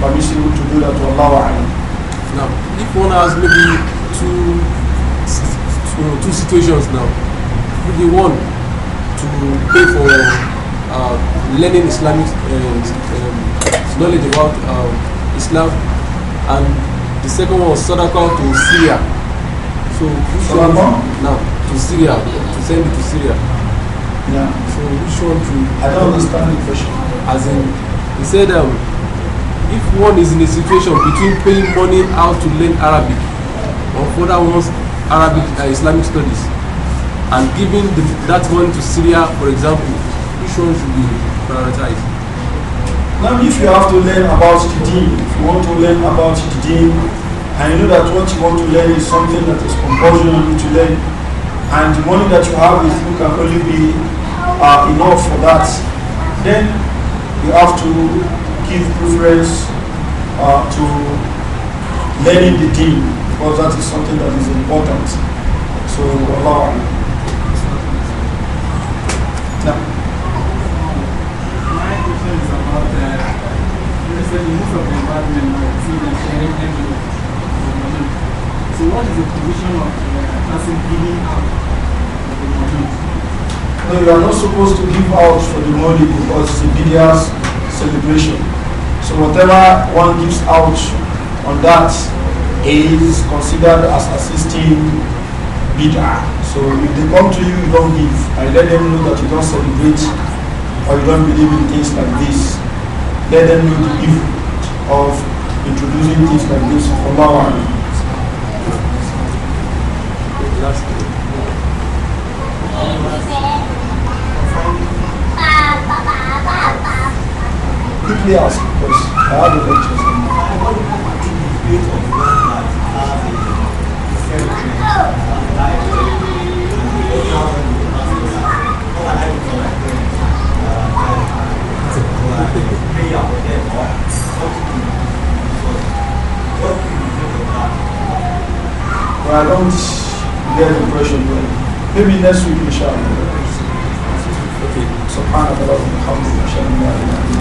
permissible to do that to Allah Alam. Now, if one has maybe two, two, two situations now, maybe one to pay for uh, learning Islamic uh, um, knowledge about uh, Islam, and the second one was sadaqah to Syria. So, which one now to Syria to send it to Syria? Yeah. So, which one to? I don't understand the question. As in, he said. Um, one is in a situation between paying money out to learn Arabic or further one's Arabic and uh, Islamic studies and giving the, that money to Syria, for example, which one should be prioritized? Now, if you have to learn about the deen, if you want to learn about the deen, and you know that what you want to learn is something that is compulsory you to learn, and the money that you have with you can only be uh, enough for that, then you have to give preference uh, to learning the team because that is something that is important. So Allah. Now. My question is about uh, the, the use of the environment like and sharing energy. So what is the position of the person giving out the money? No, you are not supposed to give out for the money because it's a bidias celebration. So whatever one gives out on that is considered as assisting bid'ah. So if they come to you, you don't give. I let them know that you don't celebrate or you don't believe in things like this. Let them know the evil of introducing things like this. Allah quickly ask because I have a lecture. But I don't get the impression that maybe next week, inshallah. Okay. Subhanallah, alhamdulillah,